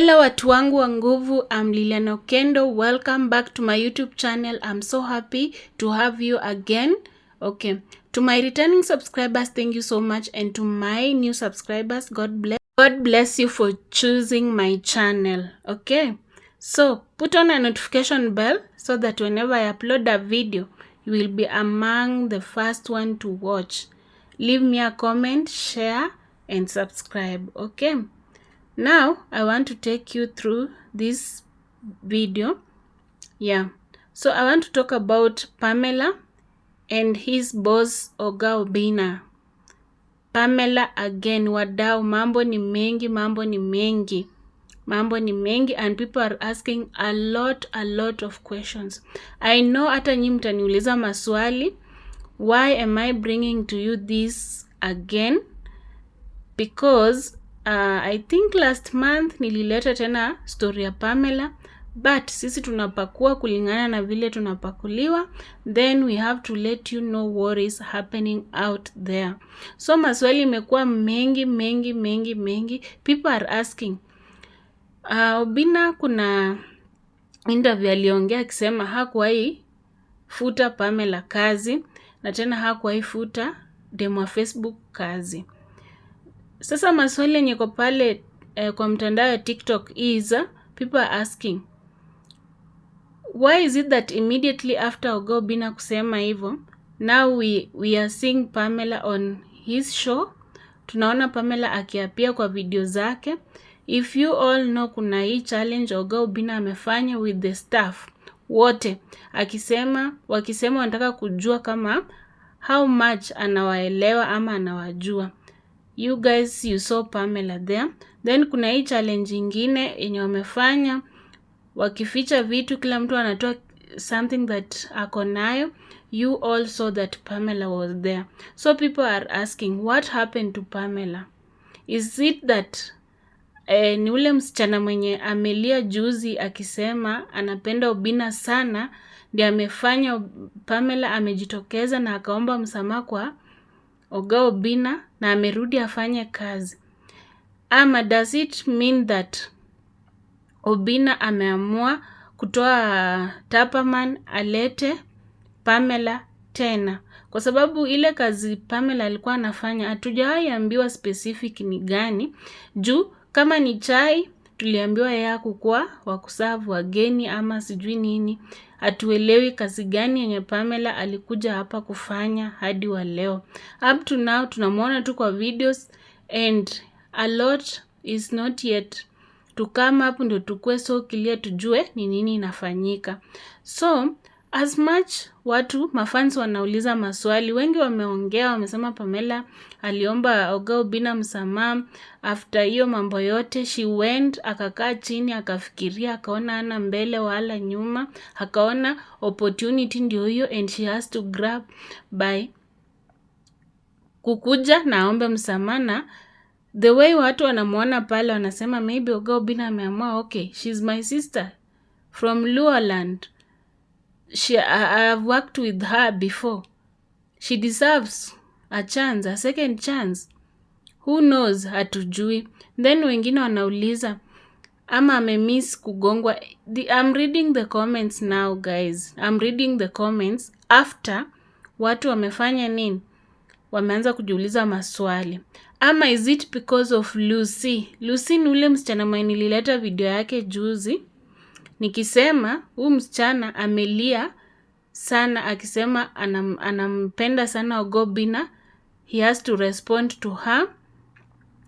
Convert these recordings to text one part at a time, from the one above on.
Hello watu wangu wa nguvu, I'm Lilian Okendo. Welcome back to my YouTube channel. I'm so happy to have you again. Okay. To my returning subscribers, thank you so much and to my new subscribers, God bless. God bless you for choosing my channel. Okay. So, put on a notification bell so that whenever I upload a video, you will be among the first one to watch. Leave me a comment, share and subscribe. Okay. Now, I want to take you through this video. Yeah. So, I want to talk about Pamela and his boss Oga obina Pamela again, wadau, mambo ni mengi, mambo ni mengi. Mambo ni mengi and people are asking a lot, a lot of questions. I know hata nyi mtaniuliza maswali. Why am I bringing to you this again? Because Uh, I think last month nilileta tena story ya Pamela but sisi tunapakua kulingana na vile tunapakuliwa, then we have to let you know what is happening out there. So maswali imekuwa mengi mengi mengi mengi, people are asking uh, kuna interview aliongea akisema hakuwahi futa Pamela kazi na tena hakuwahi futa demu Facebook kazi. Sasa maswali yenye iko pale eh, kwa mtandao ya TikTok is uh, people are asking why is it that immediately after Ogo Obinna kusema hivyo now we, we are seeing Pamela on his show. Tunaona Pamela akiapia kwa video zake. If you all know, kuna hii challenge Ogo Obinna amefanya with the staff wote akisema, wakisema wanataka kujua kama how much anawaelewa ama anawajua you guys you saw Pamela there. Then kuna hii challenge ingine yenye wamefanya wakificha vitu, kila mtu anatoa something that ako nayo. You all saw that Pamela was there, so people are asking what happened to Pamela. Is it that eh, ni ule msichana mwenye amelia juzi akisema anapenda Obinna sana, ndiye amefanya Pamela amejitokeza na akaomba msamaha kwa Oga Obinna na amerudi afanye kazi. Ama does it mean that Obinna ameamua kutoa uh, Tapaman alete Pamela tena? Kwa sababu ile kazi Pamela alikuwa anafanya hatujawahi ambiwa specific ni gani. Juu kama ni chai tuliambiwa yeye hakukuwa wa kusavu wageni ama sijui nini. Hatuelewi kazi gani yenye Pamela alikuja hapa kufanya hadi wa leo. Up to now tunamwona tu kwa videos and a lot is not yet to come up ndio tukue so clear tujue ni nini inafanyika. So As much watu mafans wanauliza maswali, wengi wameongea, wamesema Pamela aliomba Oga Obinna msamaha after hiyo mambo yote, she went akakaa chini akafikiria, akaona ana mbele wala nyuma, akaona opportunity ndio hiyo and she has to grab by kukuja na aombe msamaha na the way watu wanamwona pale wanasema maybe Oga Obinna ameamua okay, she's my sister from Luoland she, I, worked with her before. She deserves a chance, a second chance. Who knows? Hatujui. Then wengine wanauliza ama amemis kugongwa. The, I'm reading the comments now guys. I'm reading the comments after watu wamefanya nini? Wameanza kujiuliza maswali. Ama is it because of Lucy? Lucy ni ule msichana mwenye nilileta video yake juzi Nikisema, huu msichana amelia sana akisema anampenda sana Ogobina, he has to respond to her,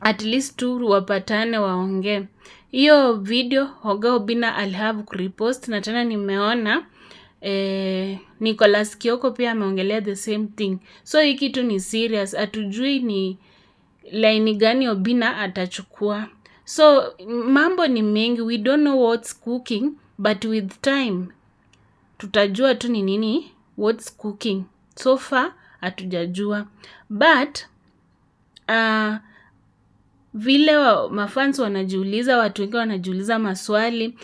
at least tu wapatane waongee. Hiyo video Oga obina alihave kurepost na tena nimeona eh, nicolas Kioko pia ameongelea the same thing. So hii kitu ni serious, hatujui ni laini gani obina atachukua so mambo ni mengi we don't know what's cooking but with time tutajua tu ni nini what's cooking so far hatujajua but uh, vile wa, mafans wanajiuliza watu wengi wanajiuliza maswali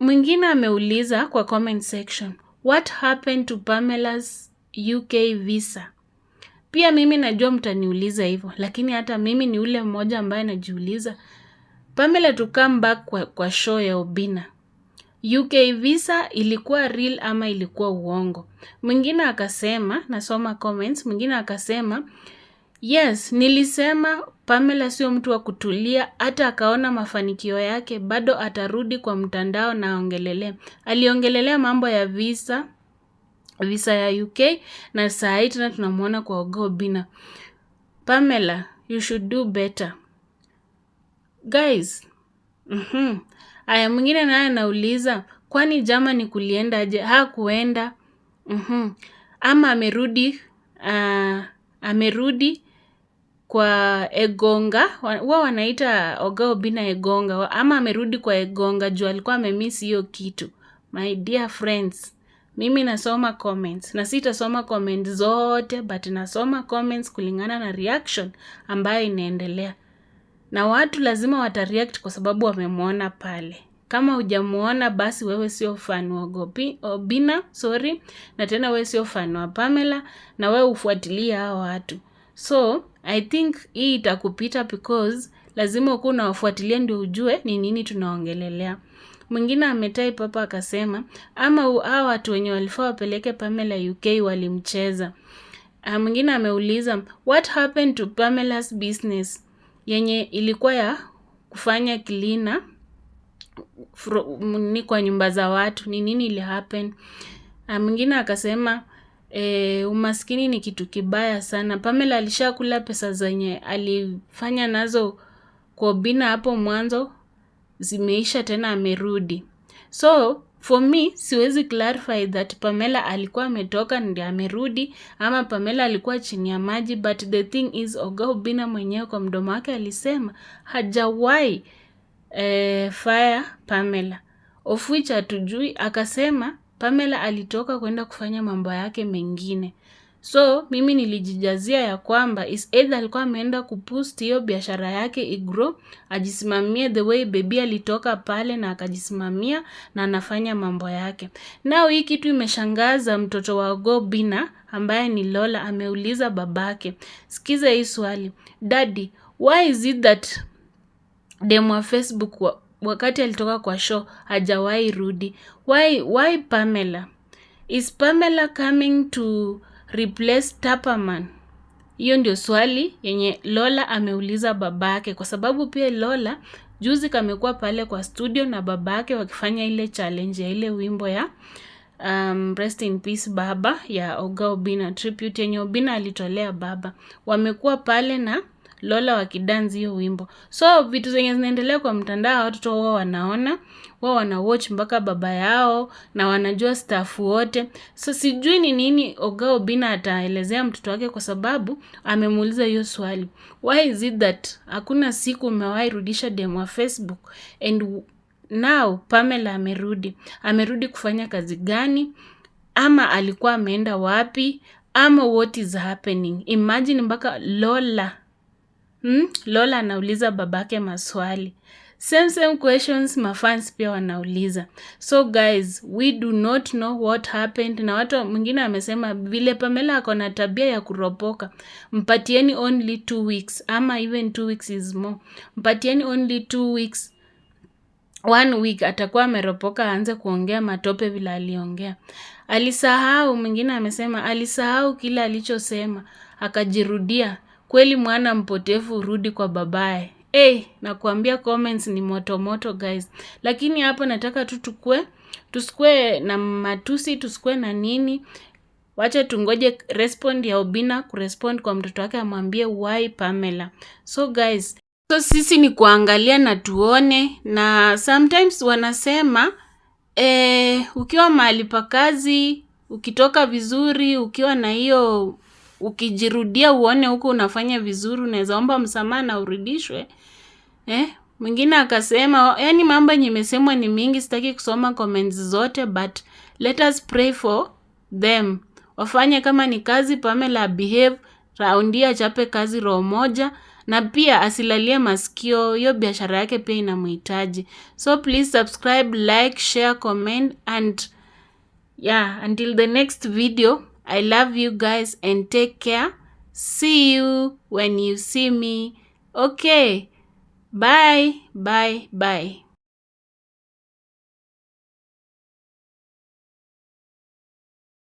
mwingine ameuliza kwa comment section what happened to Pamela's UK visa pia mimi najua mtaniuliza hivyo lakini hata mimi ni ule mmoja ambaye najiuliza Pamela to come back kwa, kwa show ya Obina. UK visa ilikuwa real ama ilikuwa uongo? Mwingine akasema, nasoma comments, mwingine akasema yes, nilisema Pamela sio mtu wa kutulia, hata akaona mafanikio yake bado atarudi kwa mtandao na aongelelea. Aliongelelea mambo ya visa visa ya UK na saa hii tena tunamwona kwa Oga Obina. Pamela, you should do better. Guys, -hmm. Aya mwingine naye anauliza, kwani ni kulienda aje? Hakuenda. -hmm. Ama amerudi uh, amerudi kwa Egonga. Huwa wanaita Oga Obinna Egonga. Ama amerudi kwa Egonga juu alikuwa amemiss hiyo kitu. My dear friends, mimi nasoma comments na sitasoma comments zote but nasoma comments kulingana na reaction ambayo inaendelea na watu lazima watareact kwa sababu wamemwona pale. Kama hujamuona basi wewe sio fan wa Gopi, Obina, sorry, na tena wewe sio fan wa Pamela na wewe ufuatilie hao watu. So, I think hii itakupita because lazima ukuwa unawafuatilia ndio ujue ni nini tunaongelelea. Mwingine ametype hapa akasema, ama hao watu wenye walifaa wapeleke Pamela UK walimcheza. Ah, mwingine ameuliza, what happened to Pamela's business? yenye ilikuwa ya kufanya kilina ni kwa nyumba za watu, ni nini ili happen. Ah, mwingine akasema e, umaskini ni kitu kibaya sana. Pamela alishakula pesa zenye alifanya nazo kwa bina hapo mwanzo, zimeisha tena amerudi. So For me, siwezi clarify that Pamela alikuwa ametoka ndi amerudi ama Pamela alikuwa chini ya maji but the thing is Oga mwenyewe kwa mdomo wake alisema hajawahi eh, fire Pamela of which hatujui, akasema Pamela alitoka kwenda kufanya mambo yake mengine. So mimi nilijijazia ya kwamba is either alikuwa ameenda kupost hiyo biashara yake igro, ajisimamie the way baby alitoka pale na akajisimamia na anafanya mambo yake. Nao hii kitu imeshangaza mtoto wa Gobina ambaye ni Lola ameuliza babake. Sikiza hii swali. Daddy, why is it that demu wa Facebook wa, wakati alitoka kwa show hajawahi rudi? Why, why Pamela? Is Pamela coming to replace Tapperman? Hiyo ndio swali yenye Lola ameuliza babake, kwa sababu pia Lola juzi kamekuwa pale kwa studio na babake wakifanya ile challenge ya ile wimbo ya um, Rest in Peace Baba ya Oga Obina, tribute yenye Obina alitolea baba. Wamekuwa pale na Lola wakidansi hiyo wimbo. So vitu zenye zinaendelea kwa mtandao watoto wao wanaona, wana watch mpaka baba yao na wanajua staff wote. So sijui ni nini Oga Obinna ataelezea mtoto wake kwa sababu amemuuliza hiyo swali. Why is it that hakuna siku umewahi rudisha demo wa Facebook and now Pamela amerudi. Amerudi kufanya kazi gani? Ama alikuwa ameenda wapi? Ama what is happening? Imagine mpaka Lola Hmm? Lola anauliza babake maswali. Same same questions mafans pia wanauliza. So guys, we do not know what happened. Na watu mwingine amesema vile Pamela ako na tabia ya kuropoka. Mpatieni only two weeks ama even two weeks is more. Mpatieni only two weeks. One week atakuwa ameropoka aanze kuongea matope vile aliongea. Alisahau, mwingine amesema alisahau kila alichosema akajirudia. Kweli mwana mpotevu urudi kwa babaye. Hey, eh, nakuambia comments ni moto moto guys. Lakini hapa nataka tu tukue, tusikue na matusi, tusikue na nini. Wacha tungoje respond ya obina kurespond kwa mtoto wake amwambie why Pamela. So guys, so sisi ni kuangalia na tuone na sometimes wanasema eh, ukiwa mahali pa kazi, ukitoka vizuri, ukiwa na hiyo ukijirudia uone huko unafanya vizuri, unaweza omba msamaha na urudishwe eh? Mwingine akasema, yani mambo yenye imesemwa ni mingi, sitaki kusoma comments zote, but let us pray for them. Wafanye kama ni kazi, Pamela behave raundi, achape kazi roho moja, na pia asilalie masikio. Hiyo biashara yake pia inamhitaji. So please subscribe, like, share, comment and yeah, until the next video. I love you guys and take care. See you when you see me. Okay. Bye. Bye. Bye.